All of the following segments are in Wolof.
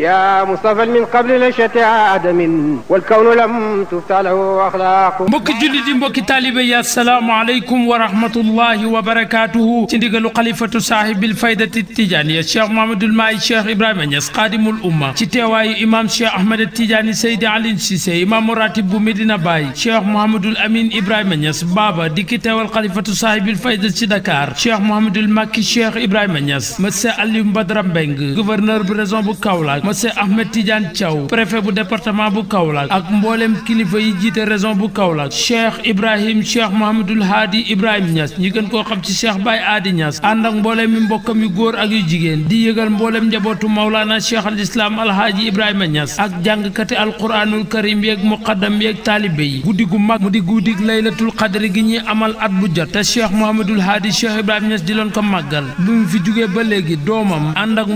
يا مصطفى من قبل نشأت آدم والكون لم تفتله أخلاقه بك جلدي بك طالب يا السلام عليكم ورحمة الله وبركاته تندق القليفة صاحب الفائدة التجاني الشيخ محمد المائي الشيخ إبراهيم نيس قادم الأمة تتواي إمام الشيخ أحمد التجاني سيد علي السيسي إمام راتب مدينة باي الشيخ محمد الأمين إبراهيم نيس بابا ديكتا والقليفة صاحب الفائدة دكار الشيخ محمد المكي الشيخ إبراهيم نيس مساء اليوم بدرم بنغ غوفرنر برزون بكولا monsieur Ahmed Tidiane Thiaw préfet bu département bu Kaolack ak mboolem kilifa yi jiite région bu Kaolack Cheikh Ibrahim Cheikh Muhammadul Hadi, Ibrahim Nias. ñi gën koo xam ci Cheikh Baye Aadi Nias. ànd ak mboolem mi mbokkam yu góor ak yu jigéen di yëgal mboolem Maulana Cheikh al Islam Alhaaji Ibrahima Niass ak jàngkati alquranul karim yeeg muqaddam yeeg taalibe yi guddi gu mag mu di laylatul qadri gi ñuy amal at bu jot te Cheikh Mohamadul Cheikh Ibrahim Nias di loon ko màggal bi mu fi jugee ba léegi doomam ànd ak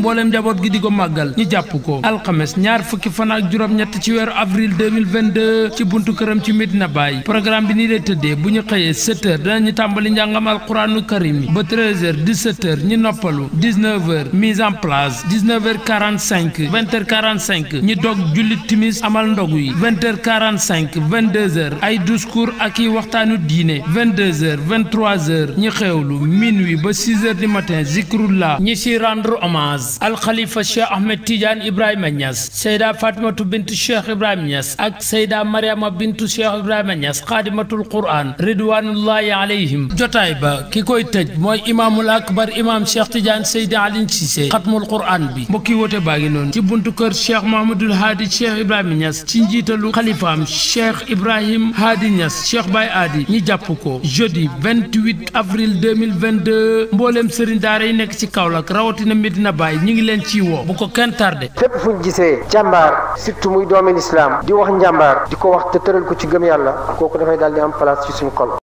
gi di ko ko alxames ñaar fukki fan ak juróom-ñett ci weeru avril 2022 ci buntu këram ci Medina Baye programme bi nii lay tëddee bu ñu xëyee 7h danañu tàmbali njàngam alquraanu karim ba 13h 17h ñu noppalu 19h mise en place 19h45 20h45 ñu dog jullit timis amal ndogu yi 20h45 22h ay discours ak i waxtaanu diine 22h 23h xewlu minuit ba 6h du matin zikrullah ñi si rendre hommage alxalifa Cheikh Ahmed Tidiane Ibrahima Niass Seyda Fatimatu bintu Cheikh Ibrahima Niass ak Seyda Mariama bintu Cheikh Ibrahima Niass xaadimatul Qur'an ridwanullahi alayhim jotaay ba ki koy tëj mooy imaamul akbar imaam Cheikh Tidiane Seyda Alioune Cissé xatmul Qur'an bi mbokki woote baa ngi noonu ci buntu kër Cheikh Mahamadul Haadi Cheikh Ibrahima Niass ci njiitalu xalifaam Cheikh Ibrahim Haadi Niass Cheikh Baye Aadi ñi jàpp ko jeudi 28 avril 2022 mboolem sëriñ daara yi nekk ci Kaolack rawatina Medina Baye ñi ngi leen ciy woo bu ko kenn tardé fépp fu gisee jàmbaar surtout muy doomi lislaam di wax njàmbaar di ko wax te tëral ko ci gëm yàlla kooku dafay daal di am place ci suñu xol